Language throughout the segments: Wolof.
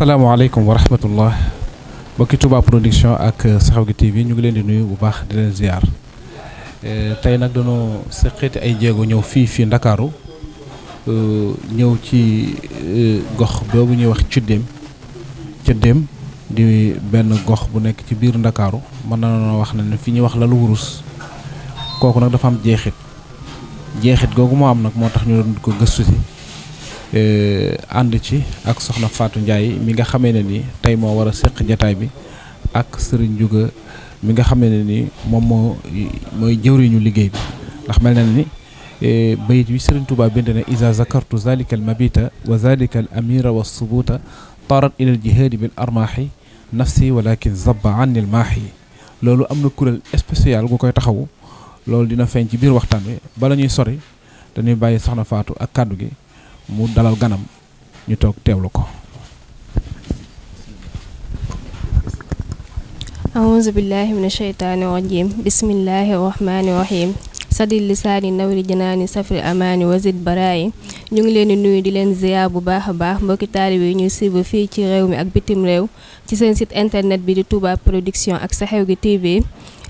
السلام عليكم ورحمة الله بكتوبة برودكشن أك سحوق تي في نقلين دنيو وباخ دلنا زيار تاينا دنو سقط أي جعو نيو في في نداكارو نيو تي غخ بيو نيو وقت تدم تدم دي بين غخ بنك تبير نداكارو ما نانا نواخنا نفي نواخ للوروس كوكونا دفعم جيخت جيخت غو غو ما أمنك ما تخنون كو غسوسي Euh, ànd ci ak soxna faatu Ndiaye mi nga xamee ne ni tey moo war a jataay bi ak sëriñ Juga mi nga xamee ne ni moom moo mooy jëwriñu liggéey bi ndax mel na ni euh, bayit bi sëriñ Touba bind na isa zakartu zalika al mabita wa zalika al amira wa subuta tarat ila al jihaadi bil armaahi nafsi walakin zabba anni al maahi loolu am na kuréel spécial gu koy taxawu loolu dina feeñ ci biir waxtaan wi bala ñuy sori dañuy bàyyi soxna Fatou ak kàddu gi mu dalal ganam ñu toog teewlu ko auzu billahi min asheytaani rajim bismillahi rahmaani rahim sadil lisaani nawri janaani safri amaani wasid baraayi ñu ngi leen di nuyu di leen ziar bu baax baax mbokki taalibe yi ñuy suivre fii ci réew mi ak bitim réew ci seen site internet bi di Touba Production ak sa xew gi TV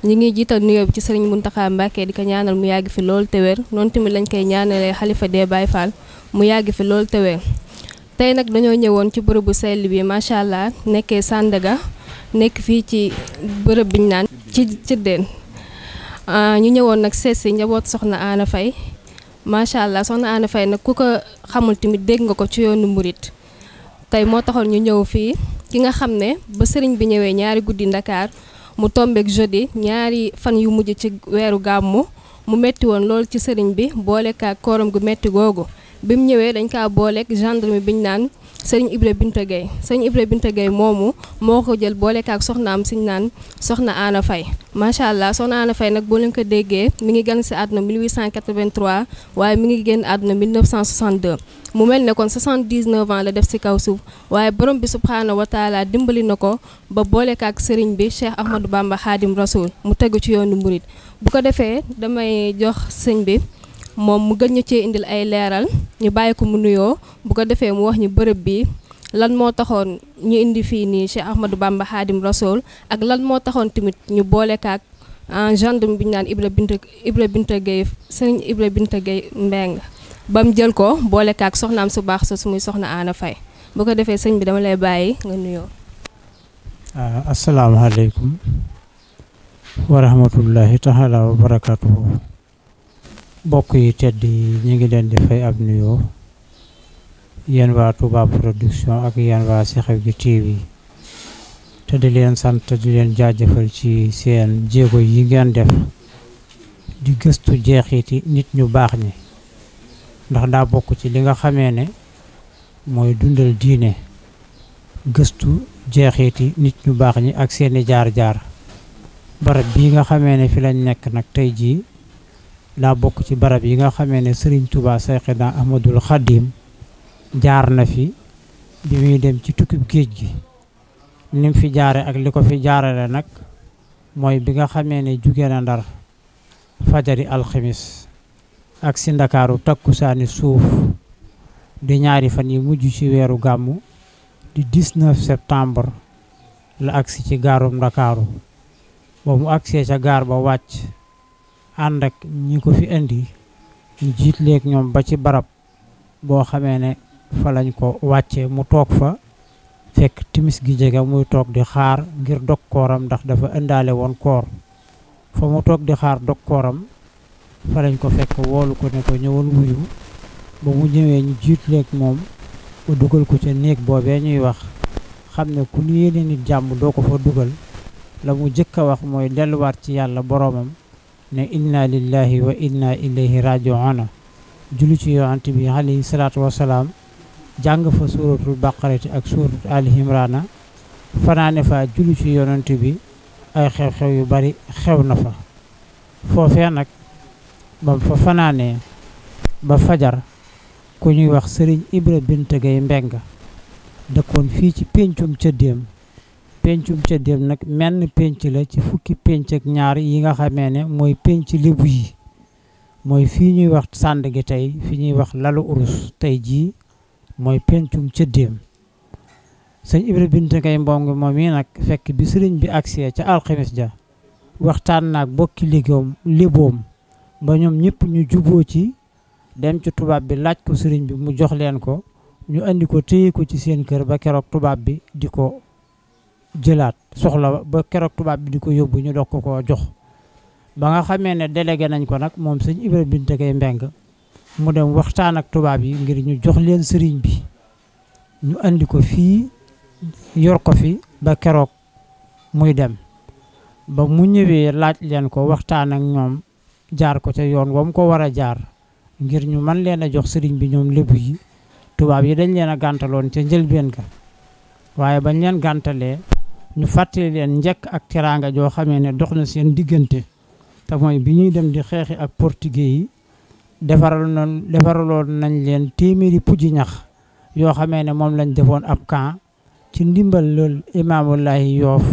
ñu ngi jiital nuyoo bi ci sëriñ Muntaxa Mbàkke di ko ñaanal mu yàgg fi loolu te wér lañ koy ñaanalee xalifa dee Baay Faal mu yàgg fi loolu tewee tey nag dañoo ñëwoon ci bërëb bu sell bi macha allah nekkee sàndaga nekk fii ci bërëb biñ naan ci ci Ciddeen ah, ñu ñëwoon nag seet njaboot soxna Anna Faye macha allah soxna Anna Faye nag ku ko xamul tamit dégg nga ko ci yoonu mburit tey moo taxoon ñu ñëw fii ki nga xam ne ba sëriñ bi ñëwee ñaari guddi Ndakaar mu tombeek jeudi ñaari fan yu mujj ci weeru gàmmu mu metti woon lool ci sëriñ bi ak kooram gu metti googu bi mu ñëwee dañ kaa booleeg gendarme bi ñu naan sëriñ Ibra Binta Gueye sëñ Ibra Binta Gueye moomu moo ko jël boole kaak soxnaam siñ naan soxna Ana fay macha allah soxna Ana fay nag boo leen ko déggee mi ngi gan si àdduna 1883 waaye mi ngi génn àdduna 1962 mu mel ne kon 79 ans la def si kaw suuf waaye borom bi subhaana wa taala dimbali na ko ba booleek ak sëriñ bi Cheikh Ahmadou Bamba Khadim Rasoul mu tegu ci yoonu murit bu ko defee damay jox sëñ bi. moom mu gën ñu cee indil ay leeral ñu bàyyi ko mu nuyoo bu ko defee mu wax ñu bërëb bi lan moo taxoon ñu indi fii nii Cheikh Ahmadou Bamba Khadim Rasoul ak lan moo taxoon tamit ñu boolekaak kaak ah, gendarme bi ñu naan Ibra Binta Ibra Binta Gueye sëñ Ibra Binta Gueye Mbeng ba mu jël ko boole kaak soxnaam su baax sa su muy soxna Ana Faye bu ko defee sëñ bi dama lay bàyyi nga nuyoo. Ah, asalaamaaleykum wa rahmatullahi taala wa barakaatuhu bokk yi tedd yi ñu ngi leen di fay ab nuyoo yéen waa Touba production ak yéen waa Ci Xew Ji te di leen sant te di leen jaajëfal ci seen jéego yi ngeen def di gëstu jeexiti nit ñu baax ñi ndax daa bokk ci li nga xamee ne mooy dundal diine gëstu jeexiti nit ñu baax ñi ak seeni jaar-jaar barab bii nga xamee ne fi lañ nekk nag tey jii laa bokk ci barab yi nga xamee ne Serigne Touba Seexina amadul Xadim jaar na fi bi muy dem ci tukkib géej gi ni fi jaare ak li ko fi jaarale nag mooy bi nga xamee ne jugee na ndar fajari alxemes ak si ndakaaru takkusaani suuf di ñaari fan yi mujj ci weeru gàmmu di 19 septembre la agsi ci gaarum ndakaaru ba mu agsee ca gaar ba wàcc ànd ak ñi ko fi indi ñu jiitleeg ñoom ba ci barab boo xamee ne fa lañ ko wàccee mu toog fa fekk timis gi jege muy toog di xaar ngir dog kooram ndax dafa indaale woon koor fa mu toog di xaar dog kooram fa lañ ko fekk woolu ko ne ko ñëwal wuyu ba mu ñëwee ñu jiitleeg moom ba dugal ko ca néeg boobee ñuy wax xam ne ku ñu yéene nit jàmm doo ko fa dugal la mu jëkk a wax mooy delluwaat ci yàlla boroomam ne inna lillahi wa inna ilayhi raji'un julli ci yonent bi alayhi salaatu wasalaam jàng fa suuratul baqarati ak suuratu ali imrana fanaane fa julli ci yonent bi ay xew-xew yu bari xew na fa foofee nag ba fa fanaanee ba fajar ku ñuy wax sëriñ ibra bint gay mbeng dëkkoon fii ci péncum cëddeem ca ceddeem nag menn pénc la ci fukki pénc ak ñaar yi nga xamee ne mooy pénc lébu yi mooy fii ñuy wax sànd gi tey fi ñuy wax lalu urus tey jii mooy pencum cëddeem sëñ Ibra Binta Ngay Mbong moom yi nag fekk bi sëriñ bi agsee ca alxames ja waxtaan nag bokki légoom léboom ba ñoom ñépp ñu juboo ci dem ci tubaab bi laaj ko sëriñ bi mu jox leen ko ñu indi ko téye ko ci seen kër ba keroog tubaab bi di ko jëlaat soxla ba kérok tubaab bi di ko yóbbu ñu doog ko jox ba nga xamee ne délégué nañ ko nag moom sëñ Ibra bin Kay Mbeng mu dem waxtaan ak tubaab yi ngir ñu jox leen sëriñ bi ñu andi ko fii yor ko fi ba kérok muy dem ba mu ñëwee laaj leen ko waxtaan ak ñoom jaar ko ca yoon wam ko war a jaar ngir ñu man leen a jox sëriñ bi ñoom lébu yi tubaab yi dañ leen a gàntaloon ca njëlbeen ga waaye bañ leen gàntalee ñu fàtte leen njëkk ak teraanga joo xamee ne dox na seen diggante te mooy bi ñuy dem di xeexi ak portugais yi defaral noon defaraloon nañ leen téeméeri puji ñax yoo xamee ne moom lañ defoon ab camp ci ndimbal lool imaamullahi yoof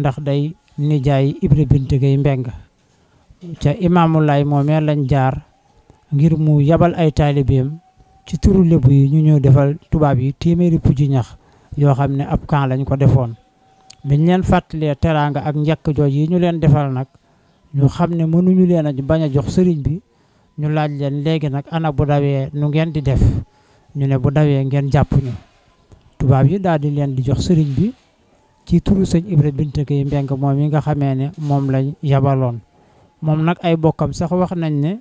ndax day nijaay ibra binte gay mbeng ca imaamullahi moomee lañ jaar ngir mu yabal ay taalibeem ci turu lébu yi ñu ñëw defal tubaab yi téeméeri puji ñax yoo xam ne ab camp lañ ko defoon biñ leen fàttalee teraanga ak njëkk jooj yi ñu leen defal nag ñu xam ne mënuñu leen a bañ a jox sëriñ bi ñu laaj leen léegi nag ana bu dawee nu ngeen di def ñu ne bu dawee ngeen jàpp tubaab yi daal di leen di jox sëriñ bi ci turu sëñ Ibra Binta Gueye Mbeng moom yi nga xamee ne moom lañu yabaloon moom nag ay bokkam sax wax nañ ne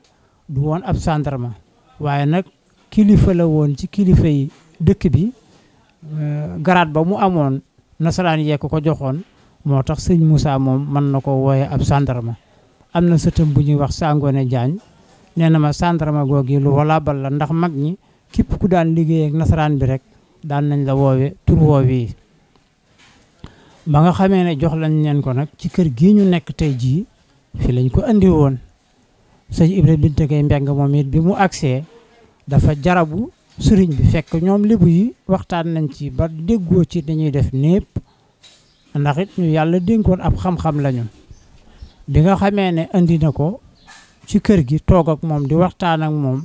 du woon ab gendarme waaye nag kilifa la woon ci kilifa yi dëkk bi euh, garaat ba mu amoon nasaraan yee ko ko joxoon moo tax sëñ Moussa moom mën na ko wooye ab sandarma am na sëtam bu ñuy wax Sangone Jaañ nee na ma sandarma googu lu walaabal la ndax mag ñi képp ku daan liggéey nasaraan bi rek daan nañ la woowe tur woow yi ba nga xamee ne jox lañ leen ko nag ci kër gi ñu nekk tey jii fi lañ ko andi woon sëñ Ibrahima Binte Gueye Mbeng moom it bi mu agsee dafa jarabu serigne bi fekk ñom lébu yi waxtaan nañ ci ba deggo ci dañuy def népp ndax it ñu yàlla dénkoon ab xam-xam lañu bi nga xamé né andi nako ko ci kër gi tok ak mom, di waxtaan ak mom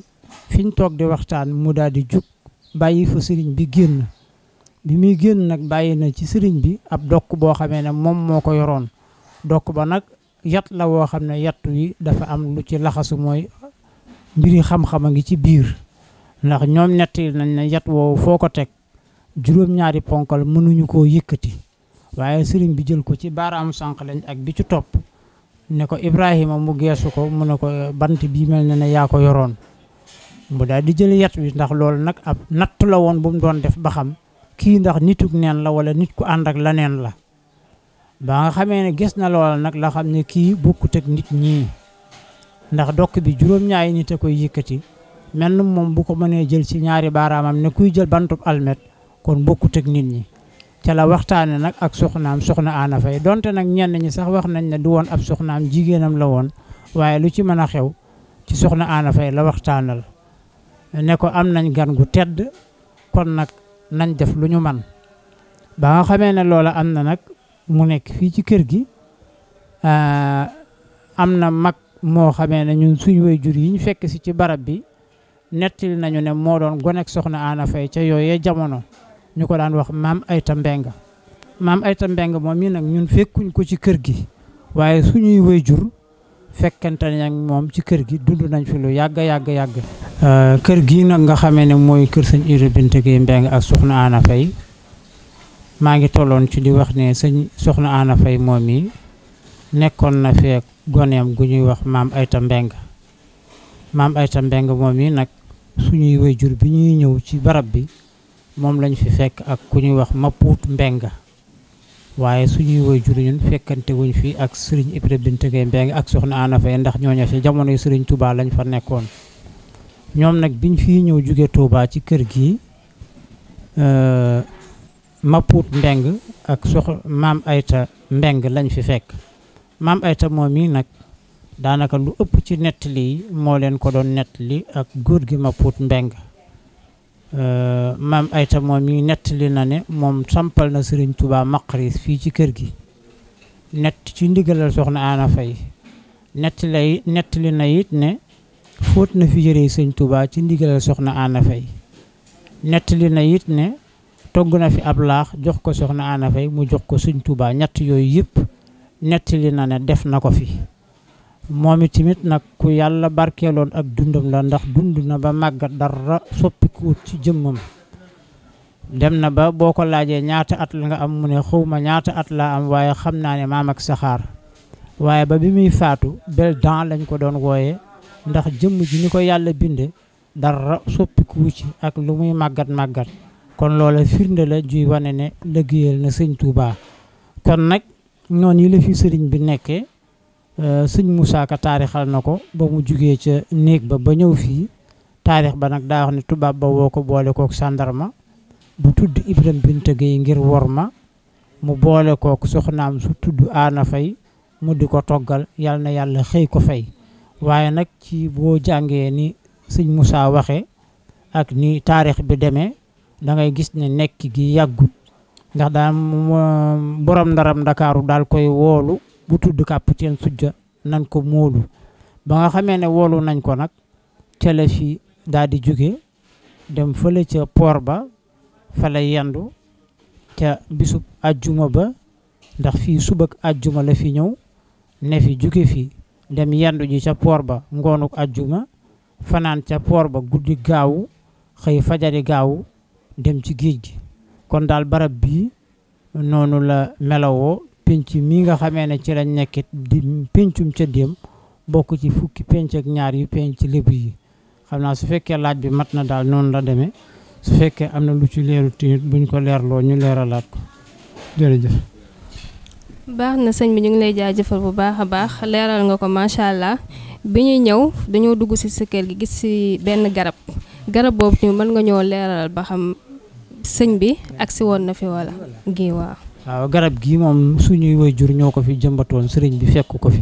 fiñ tok di waxtaan mu daal di juk bayyi fu serigne bi genn bi mi genn nak bayyi na ci serigne bi ab dokk bo xamé né mom moko yoron dokk ba nak yat la wo xamné ne yattu yi dafa am lu ci laxasu moy mbiri xam-xam ci biir ndax ñoom netti nañ ne yat woowu foo ko teg juróom-ñaari ponkal mënuñu koo yëkkati waaye sëriñ bi jël ko ci baaraamu sànq lañ ak bi ci topp ne ko Ibrahima mu geesu ko mu ne ko bant bii mel na ne yaa ko yoroon mu daal di jël yat wi ndax lool nag ab natt la woon bu mu doon def ba xam kii ndax nituk neen la wala nit ku ànd ak la neen la ba nga xamee ne gis na loola nag la xam ne kii bokkut teg nit ñii ndax dokk bi juróom-ñaari nit a koy yëkkati menn moom bu ko mënee jël ci ñaari baaraamam ne kuy jël bantub almet kon bokkut ak nit ñi ca la waxtaane nag ak soxnaam soxna Ana Faye donte nag ñenn ñi sax wax nañ ne di woon ab soxnaam jigéenam la woon waaye lu ci mën a xew ci soxna Ana Faye la waxtaanal ne ko am nañ gan gu tedd kon nag nañ def lu ñu man ba nga xamee ne loola am na nag mu nekk fii ci kër gi ah, am na mag moo xamee ne ñun suñu way jur yi ñu fekk si ci barab bi nettali nañu ne moo doon gonek soxna Ana Faye ca yooyee jamono ñu ko daan wax maam Ayta Mbeng maam Ayta Mbeng moom mii nag ñun fekkuñ ko ci kër gi waaye suñuy waajur fekkente ne moom ci kër gi dund nañ fi lu yàgg yàgg yàgg. Euh, kër gi nag nga xamee ne mooy kër sañ Ido Binte Mbeng ak soxna Ana Faye maa ngi tolloon ci di wax ne sëñ soxna Ana Faye moom yi nekkoon na fee goneem gu ñuy wax maam Ayta Mbeng maam ay Mbeng mom ni nak suñuy wayjur bi ñuy ñew ci barab bi mom lañ fi fekk ak ku ñuy wax Mapuut mbenga waye suñuy wayjur ñun fekkante wuñ fi ak serigne ibrahim Binta Gaye Mbeng ak soxna Ana fay ndax ñoña ci jamono serigne Touba lañ fa nekkon ñom nak biñ fi ñew jóge Touba ci kër gi euh, Mapuut Mbeng ak sox maam Ayta Mbeng lañ fi fekk maam Ayta moom yi daanaka lu ëpp ci nettali yi moo leen ko doon nettali ak góor gi ma puut mbeng euh, maam ayta moom mi nettali na ne moom sampal na sëriñ tubaa maqaris fii ci kër gi nett ci ndigalal soxna Ana Fay nettali nettali na it ne fóot na fi yërey sëñ tubaa ci ndigalal soxna Ana Fay nettali ne togg na fi ab laax jox ko soxna Ana Fay mu jox ko sëñ tubaa ñett yooyu yëpp nettali na ne def na ko fi moom it tamit nag ku yàlla barkeeloon ak dundam la ndax dund na ba màggat dara soppikuut ci jëmmam dem na ba boo ko laajee ñaata at la nga am mu ne xawma ñaata at laa am waaye xam naa ne maam ak saxaar waaye ba bi muy faatu bel dan lañ ko doon wooye ndax jëmm ji ni ko yàlla binde dara soppikuwu ci ak lu muy màggat màggat kon loola firnde la juy wane ne liggéeyal na sëñ Tuubaa kon nag noonu yi la fi sëriñ bi nekkee Euh, sëñ Moussa ko taarixal na ko ba mu jógee ca néeg ba ba ñëw fii taarix ba nag daa wax ne tubaab ba woo ko boole kook sàndarma bu tudd Ibrahima Binta Gueye ngir wor ma mu boole kook soxnaam su tudd Aana Fay mu di ko toggal yal na yàlla xëy ko fay waaye nag ci boo jàngee ni sëñ Moussa waxe ak ni taarix bi demee dangay gis ne nekk gi yàggut ndax daal borom ndaram ndakaaru daal koy woolu bu tudd kàpp teen sujja nan ko moolu ba nga xamee ne woolu nañ ko nag ca la daadi jóge dem fële ca poor ba fa la yendu ca bisub ajjuma ba ndax fii subak ajjuma la fi ñëw ne fi jóge fi dem yendu ji ca poor ba ngoonu ajjuma fanaan ca poor ba guddi gaawu xëy fajari gaawu dem ci géej gi kon daal barab bii noonu la melawoo penc mi nga xamee ne ci lañ nekkit di pencum ca déem bokk ci fukki penc ak ñaar yu penc lébu yi xam naa su fekkee laaj bi mat na daal noonu la demee su fekkee am na lu ci leeru tinit buñ ko leerloo ñu leeralaat ko jërëjëf. baax na sëñ bi ñu ngi lay jëfal bu baax a baax leeral nga ko macha allah bi ñuy ñëw dañoo dugg si sa gi gis si benn garab garab boobu tamit mën nga ñëw leeralal ba xam sëñ bi agsi woon na fi wala gi waaw waaw garab gii moom suñuy jur ñoo ko fi jëmbatoon sëriñ bi fekk ko fi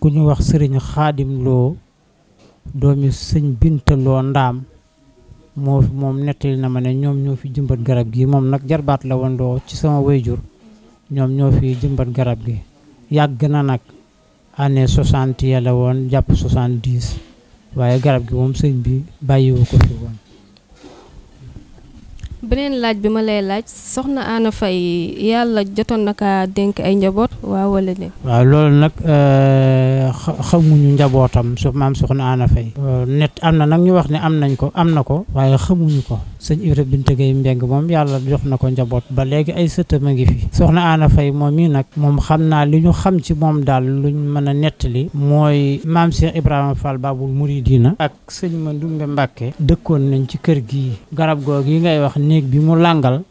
ku ñu wax sëriñ xaadimloo loo doomi sëñ binta ndaam moo moom nettali na ma ne ñoom ñoo fi jëmbat garab gi moom nag jarbaat la woon loo ci sama waajur ñoom ñoo fi jëmbat garab gi yàgg na nag année soixante ya la woon jàpp soixante-dix waaye garab gi moom sëñ bi bàyyiwu ko fi woon beneen laaj bi ma lay laaj soxna Anna fay yàlla jotoon na kaa dénk ay njaboot waaw wala déet. waaw loolu nag euh, xamuñu njabootam su maam soxna na Faye. Euh, net am na nag ñu wax ne am nañ ko am na ko waaye xamuñu ko. sëñ Ibra Binta Gueye Mbeng moom yàlla jox na ko njaboot ba léegi ay sëtam a ngi fi soxna Ana fay moom mii nag moom xam naa li ñu xam ci moom daal luñ mën a nettali mooy maam Cheikh Ibrahima Fall Babul Mouridina ak sëñ Mandoumbe Mbàkke dëkkoon nañ ci kër gi garab googu yi ngay wax néeg bi mu làngal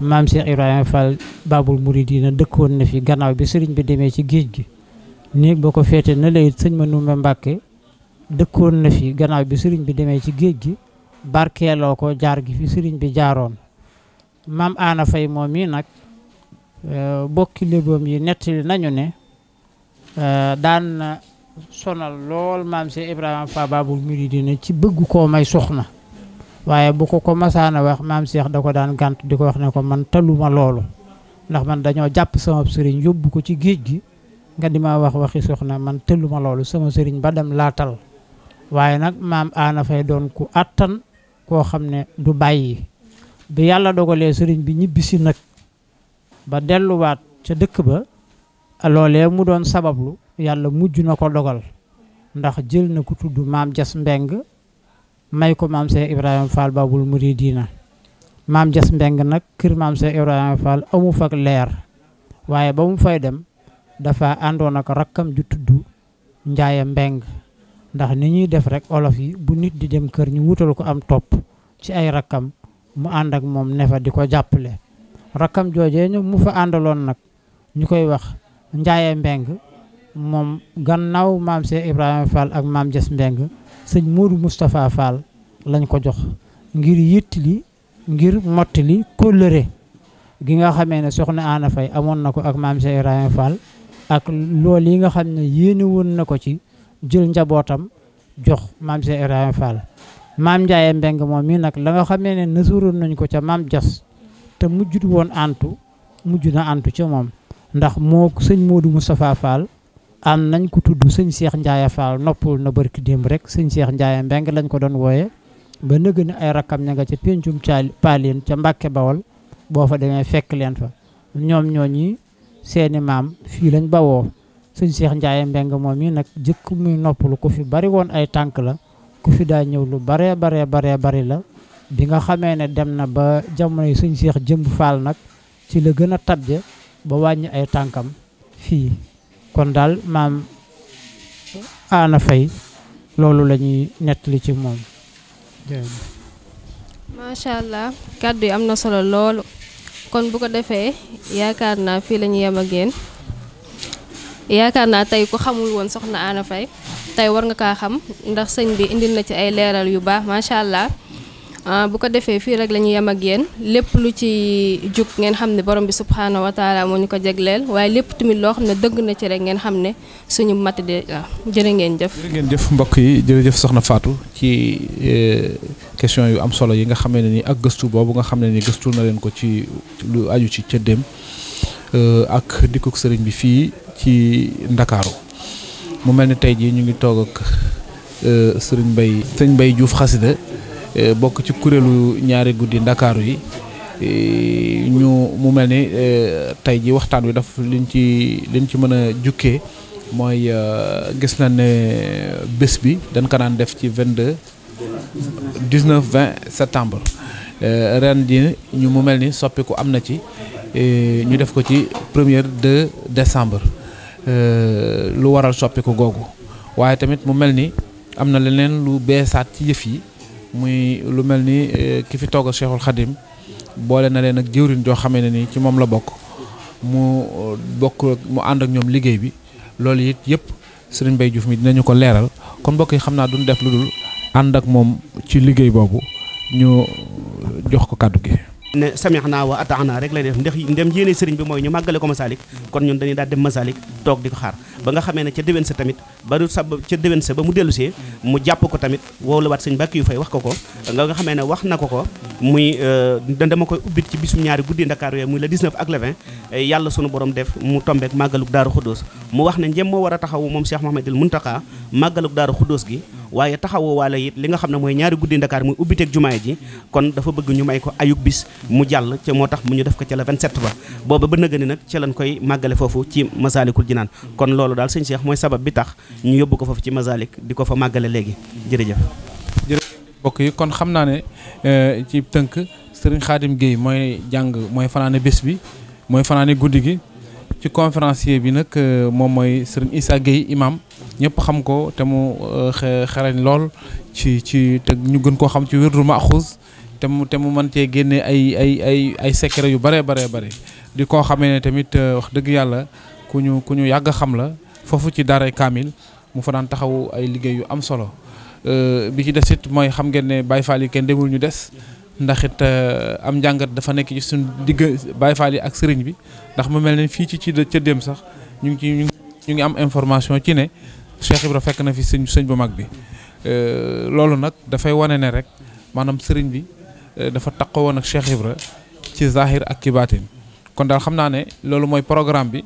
maam Cheikh Ibrahima Fall Babul Mouridina dëkkoon na fi gannaaw bi sëriñ bi demee ci géej gi néeg ba ko féete na lay sëñ Mandoumbe Mbàkke dëkkoon na fi gannaaw bi sëriñ bi demee ci géej gi barkeeloo ko jaar gi fi serigne bi jaaron mam Ana fay momi nak euh bokki lebom yi netti nañu ne eh, dan sonal lol mam se ibrahim Fa babul muridine ci bëgg mai may soxna waye bu ko ko masana wax mam Cheikh dako dan daan diko wax ne ko man taluma lolou ndax man dañoo japp sama serigne yobbu ko ci geej gi nga dima wax waxi soxna man taluma lolou sama serigne badam latal waye nak mam Ana fay donku ku attan koo xam ne du bàyyi bi yàlla dogalee sëriñ bi ñibbisi nag ba delluwaat ca dëkk ba loolee mu doon sabablu yàlla mujj na ko dogal ndax jël na ko tudd maam jas mbeng may ko maam Cheikh Ibrahima Fall Babul diina maam jas mbeng nag kër maam Cheikh Ibrahima Fall amu fak leer waaye ba mu fay dem dafa àndoon ak rakkam ju tudd Njaay Mbeng ndax ni ñuy def rek olof yi bu nit di dem kër ñu wutal ko am topp ci ay rakkam mu ànd ak moom ne di ko jàppale rakkam joojee ñu mu fa àndaloon nag ñu koy wax njaaye mbeng moom gannaaw maam Cheikh ibrahim Fall ak maam Jës Mbeng sëñ Modou Moustapha Fall lañ ko jox ngir yittili ngir mottili kóllëre gi nga xamee ne soxna Ana Faye amoon na ko ak maam Cheikh Ibrahima Fall ak loolu yi nga xam ne yéene woon na ko ci jël njabootam jox maam Cheikh Ibrahima Fall maam Ndiaye Mbeng moom mii nag la nga xamee ne nasuroon nañ ko ca maam Jas te mujjut woon antu mujj na antu ca moom ndax moo sëñ Modou Moustapha Fall am nañ ko tudd sëñ Cheikh Ndiaye Fall noppul na barki démb rek sëñ Cheikh Ndiaye Mbeng lañ ko doon wooye ba nëgg ay rakkam ña nga ca péncum caali ca Mbàkke Bawol boo fa demee fekk leen fa ñoom ñooñi seeni maam fii lañ bawoo sëñ Cheikh Ndiaye Mbeng momi nak nag muy noppul ku fi bari won ay tank la ku fi da ñew lu bare bare bare bare la bi nga xamé ne dem na ba jamono yi Cheikh jëm faal nak ci le gëna tabje ba wañ ay tankam fi kon dal mam ana fay lolu la netti ci mom ma sha allah kaddu amna solo lolu kon bu ko defé yaakaar naa fii la yaakaar naa tey ku xamul woon soxna Ana Faye tey war nga kaa xam ndax sëñ bi indil na ci ay leeral yu baax macha allah ah, bu ko defee fii rek la ñu yem ak yéen lépp lu ci jug ngeen xam ne borom bi subhanahu wa taala moo ñu ko waaye lépp tamit loo xam ne dëgg na ci rek ngeen xam ne suñu mat de la jërë ngeen jëf. jërë ngeen jëf mbokk yi jërëjëf soxna Fatou ci eh, question yu am solo yi nga xamee ne ni ak gëstu boobu nga xam ne ni gëstu na leen ko ci lu aju ci dem. Eh, ak dikuk sëriñ bi fii. ci ndakaaru mu mel ni tey jii ñu ngi toog ak euh, sëriñ Mbaye sëriñ Mbaye Diouf xasida euh, bokk ci kuréelu ñaari guddi ndakaaru yi euh, ñu mu mel ni tey ji waxtaan wi daf liñ ci liñ ci mën a jukkee mooy gis na ne bés bi dañ ko daan def ci vingt 19 20 septembre ren ji ñu mu mel ni soppiku am na ci ñu def ko ci première de décembre lu waral soppiku googu waaye tamit mu mel ni am na leneen lu beesaat ci yëf yi muy lu mel ni e, ki fi togg Cheikhul Khadim boole na leen ak jëwriñ joo xamee ne ni ci moom la bokk mu e, bokk mu ànd ak ñoom liggéey bi loolu it yëpp sëriñ Mbaye Diouf mi dinañu ko leeral kon mbokk yi xam naa duñ def lu dul ànd ak moom ci liggéey boobu ñu e, jox ko kàddu gi. ne samihna wa ataana rek lay def ndax ndem yéene sëriñ bi mooy ñu màggale ko masalik kon ñun dañuy daal dem masalik toog di ko xaar ba nga xamee ne ca déwén sa tamit ba du sab ca déwén sa ba mu dellusee mu jàpp ko tamit woo la waat sëñ bàkki yu fay wax ko ko nga nga xamee ne wax na ko ko muy euh, dama koy ubbit ci bisum ñaari guddi Ndakaaru yooyu muy le 19 ak le 20 yàlla sunu borom def mu tombeek màggalug daaru xudóos mu wax ne njëm moo war a taxawu moom Cheikh Mouhamadul Muntaka màggalug daaru xudóos gi waaye taxawoo waala it li nga xam ne mooy ñaari guddi Ndakaar muy ubbiteeg jumaay ji kon dafa bëgg ñu may ko ayub bis mu jàll ca moo tax mu ñu def ko ca la 27 ba booba ba nëgëni nag ca koy màggale foofu ci Masaalikul Jinaan kon loolu daal sëñ Cheikh mooy sabab bi tax ñu yóbbu ko foofu ci Masaalik di ko fa màggale léegi jërëjëf bokk yi kon xam naa ne euh, ci tënk Serigne Khadim Gueye mooy jàng mooy fanaane bés bi mooy fanaane guddi gi ci conférencier bi nag euh, moom mooy Serigne Issa Gueye imam ñëpp xam ko te mu euh, xarañ lool ci ci te ñu gën koo xam ci wirdu maxuus te mu te mu mën cee génne ay ay ay ay secret yu bare bare bare di koo xamee ne tamit wax dëgg yàlla ku ñu ku ñu yàgg xam la foofu ci daaray kaamil mu fa daan taxaw ay liggéey yu am solo Euh, bi ci des it mooy xam ngeen ne bay Fall yi kenn demul ñu des ndax it euh, am njàngat dafa nekk ci suñ digg bay Fall yi ak sëriñ bi ndax mu mel ne fii ci ci ca sax ñu ngi ci ñu ngi am information ci ne Cheikh Ibra fekk na fi sëñ sëñ bu mag bi euh, loolu nag dafay wane ne rek maanaam sëriñ bi dafa taqoo woon ak Cheikh Ibra ci zahir ak ci baatin kon daal xam naa ne loolu mooy programme bi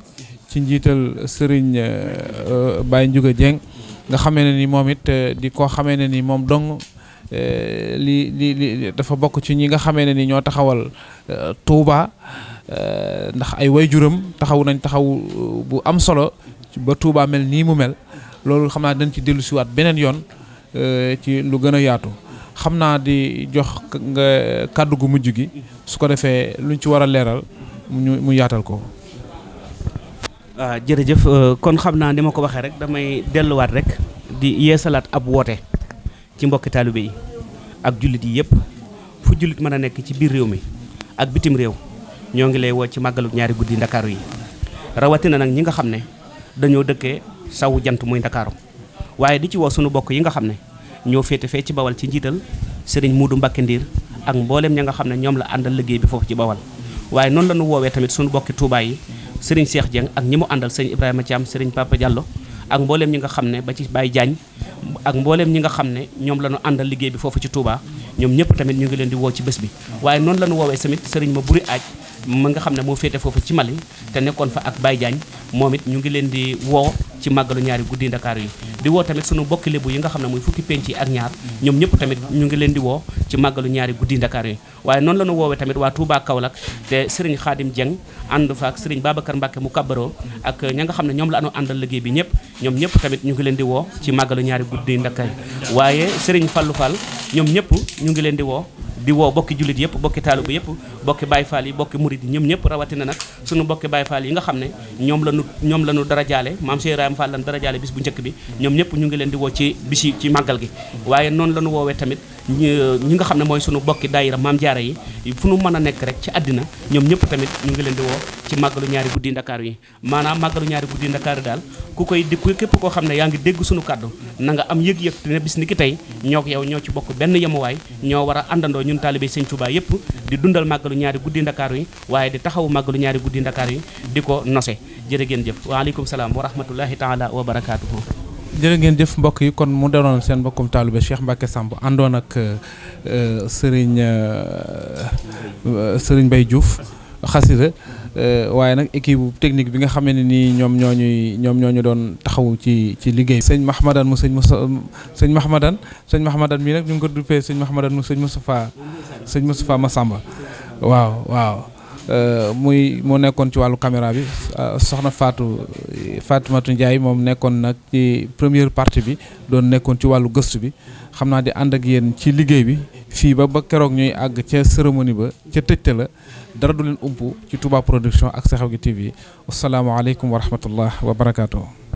ci njiital sëriñ Baye Ndiouga Dieng nga xamee ne ni moom it euh, di koo xamee ne ni moom dong euh, li li li dafa bokk ci ñi nga xamee ne ni ñoo taxawal euh, Touba ndax ay way wayjuram taxaw nañ taxaw bu am solo ba Touba mel nii mu mel loolu xam naa dañ ci dellu siwaat beneen yoon ci lu gën a yaatu xam naa di jox kàddu gu mujj gi su ko defee luñ ci war a leeral mu yaatal ko waaw ah, jërëjëf euh, kon xam naa ni ma ko waxee rek damay delluwaat rek di yeesalaat ab woote ci mbokki taalibe yi ak jullit yi yëpp fu jullit mën a nekk ci biir réew mi ak bitim réew ñoo ngi lay woo ci màggalu ñaari guddi ndakaaru yi rawatina nag ñi nga xam ne dañoo dëkkee sawu jant muy ndakaaru waaye di ci woo sunu bokk yi nga xam ne ñoo féete fee ci bawal ci njiital sëriñ Muudu Mbàkke Ndiir ak mbooleem ña nga xam ne ñoom la àndal liggéey bi foofu ci bawal waaye noonu sëriñ Cheikh Dieng ak ñi mu àndal sëriñ Ibrahima Thiam sëriñ Papa Diallo ak mbooleem ñi nga xam ne ba ci Baye Diagne ak mbooleem ñi nga xam ne ñoom la ñu àndal liggéey bi foofu ci Touba ñoom ñëpp tamit ñu ngi leen di woo ci bés bi waaye noonu la ñu woowee tamit sëriñ ma buri aaj ma nga xam ne moo féete foofu ci Mali te nekkoon fa ak bay Diagne moom it ñu ngi leen di woo ci màggalu ñaari guddi ndakaar yi di woo tamit sunu bokki lébu yi nga xam ne muy fukki penc yi ak ñaar ñoom ñëpp tamit ñu ngi leen di woo ci màggalu ñaari guddi ndakaar yi waaye noonu la ñu ña nga xam ne ñoom la anu àndal liggéey bi ñëpp ñoom ñëpp tamit ñu ngi leen di woo ci màggalu ñaari guddi ndakaar yi waaye Serigne Fallou Fall ñoom ñëpp ñu ngi leen di woo di woo bokki jullit yëpp bokki taaliba yëpp bokki Baye Fall yi bokki murid yi ñoom ñëpp rawatina nag suñu bokki Baye Fall yi nga xam ne ñoom la ñu ñoom la ñu dara jaale maam Cheikh Ibrahima Fall lan dara jaale bis bu njëkk bi ñoom ñëpp ñu ngi leen di woo ci bisi ci màggal gi waaye noonu la ñu woowee tamit ñi nga xam ne mooy sunu bokki daayira maam jaara yi fu nu mën a nekk rek ci àddina ñoom ñëpp tamit ñu ngi leen di woo ci màggalu ñaari guddi ndakaar yi maanaam màggalu ñaari guddi ndakaar daal ku koy di képp koo xam ne yaa ngi dégg sunu kàddu na nga am yëg-yëg dina bis ni ki tey ñoo yow ñoo ci bokk benn yemuwaay ñoo war a àndandoo ñun taalibé Sëñ Tuubaa yëpp di dundal màggalu ñaari guddi ndakaar di taxawu màggalu ñaari guddi ndakaar yi di ko nose jërë ngeen jëf waaleykum salaam wa rahmatullahi taala wa barakaatuhu jërë ngeen jëf mbokk yi kon mu doonoon seen mbokkum taalibe Cheikh Mbacke Samb àndoon ak euh, euh, Serigne euh, Serigne Mbaye Diouf xasida waaye nag équipe technique bi nga xamee ne nii ñoom ñoo ñuy ñoom ñoo ñu doon taxaw ci ci liggéey. sëñ Mahmadan mu sëñ Moussa sëñ Mahmadan sëñ Mahmadan mii nag ñu ngi ko duppee sëñ Mahmadan mu sëñ Moustapha sëñ Moustapha Massamba waaw waaw. Euh, muy moo nekkoon ci wàllu caméra bi euh, soxna Fatou Fatoumata Ndiaye moom nekkoon nag ci première partie bi doon nekkoon ci wàllu gëstu bi xam naa di ànd ak yéen ci liggéey bi fii ba ba keroog ñuy àgg ca cérémonie ba ca tëjte la dara du leen ump ci tubaab Production ak Sekhawgui TV asalaamaaleykum wa rahmatullah wa barakaatu.